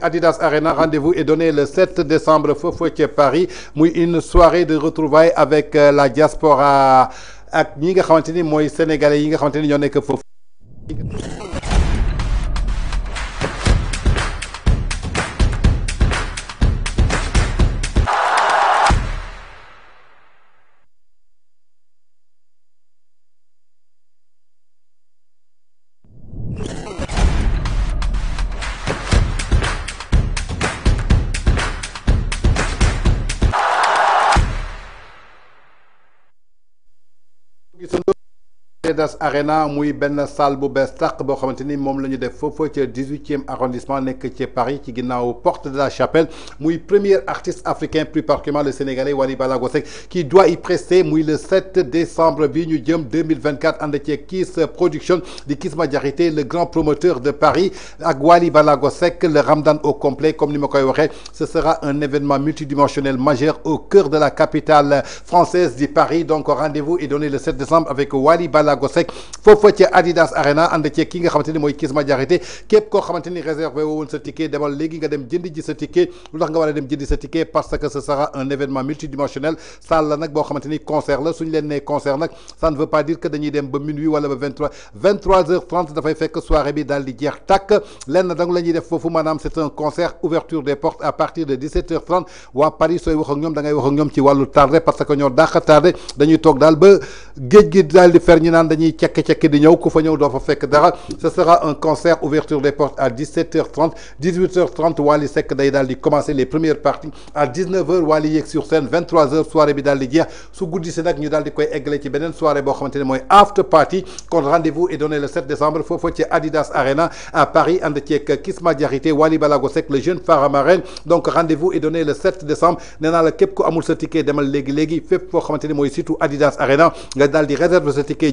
Adidas Arena rendez-vous est donné le 7 décembre fofo Paris une soirée de retrouvailles avec euh, la diaspora 여기서는 Cédas Arena muy ben salle bu arrondissement nek ci Paris ci ginnaw porte de la chapelle muy premier artiste africain plus particulièrement le sénégalais Wally Ballago qui doit y presser muy le 7 décembre bi ñu jëm 2024 and ci Kiss Production di Kiss Majorité le grand promoteur de Paris ak Wally le Ramadan au complet comme ni ma koy ce sera un événement multidimensionnel majeur au cœur de la capitale française de Paris donc rendez-vous est donné le 7 décembre avec Wally Balago Seck ci Adidas Arena and ci ki nga xamanteni moy Kisma Diakhaté képp ko xamanteni ni réservé sa ticket demal légui nga dem jëndi ji sa ticket lu tax nga war dem jëndi sa ticket parce que ce sera un événement multidimensionnel salle la nag boo xamante concert la suñu len né concert nak ça ne veut pas dire que dañuy dem ba minuit wala ba 23 23h30 da fay dafay fekk soirée bi dal di jeex tak len dang lañuy def fofu manam c'est un concert ouverture des portes à partir de 17h30 wa Paris sooy wax ak ñoom da ngay wax ak ñoom ci walu tardé parce que ñoo dàq tardé dañuy tok dal ba géej gi di fer ñi ce sera un concert ouverture des portes à 17h30 18h30 wali Sek day daal di commencer les premières parties à 19h wali Yek sur scène 23h soirée bi Ligia di jeex su guddi si ñu di koy soirée pour commenter after party kon rendez-vous est donné le 7 décembre faut ci Adidas Arena à Paris ànd ceeg Kisma Diarité wali Balago Sek le jeune pharamarène donc rendez-vous est donné le 7 décembre nee n'a le képp que amul ticket demal léegi léegi fépp foo xamante ne Adidas Arena nga di réserve ticket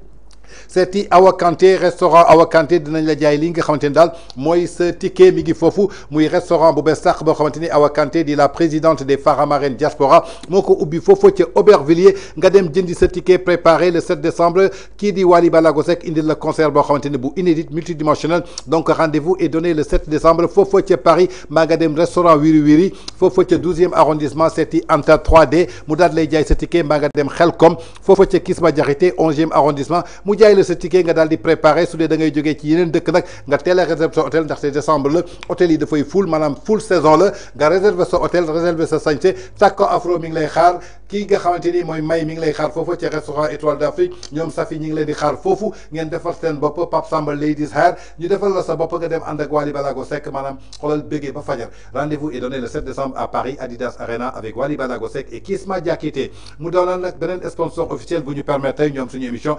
c'est Awa restaurant Awakanté de dinañ la jaay li nga dal moy ce ticket mi ngi restaurant bu bees sax boo di la présidente des Faramareen diaspora Moko ko ubbi foofu ca Aubervilliers nga dem jindi ticket préparé le 7 décembre Qui di Balagosek Ballago Seck le la concert bo xamante bu inédit multidimensionnel donc rendez-vous est donné le 7 décembre fofu Paris Magadem dem restaurant Wiri Wiri fofu ci 12e arrondissement seeti Anta 3D mu daal lay jaay ce ticket maa nga dem Xelkom fofu Kisma 11e arrondissement mu jaay la sa ticket nga daal di préparé su dee da ngay joggé ci yeneen dëkk nak nga télé réserver sa hôtel décembre le hôtel yi dafay full manam full saison la nga réserver sa hôtel réserver sa santé Sako Afro mi ngi lay xaar ki nga xamante ni mooy may mi ngi lay xaar fofu ci restaurant Étoile d'Afrique ñom Safi ñi ngi lay di xaar fofu ngeen defar sen bop pap Samba Ladies Hair ñu defal la sa bop nga dem and ak Wally Balago Seck maanaam xoolal bëggee ba fajar rendez-vous est donné le 7 décembre à Paris Adidas Arena avec wali Balago et Kisma Diakité mu donal nak benen sponsor officiel bu ñu permettre ñom suñu émission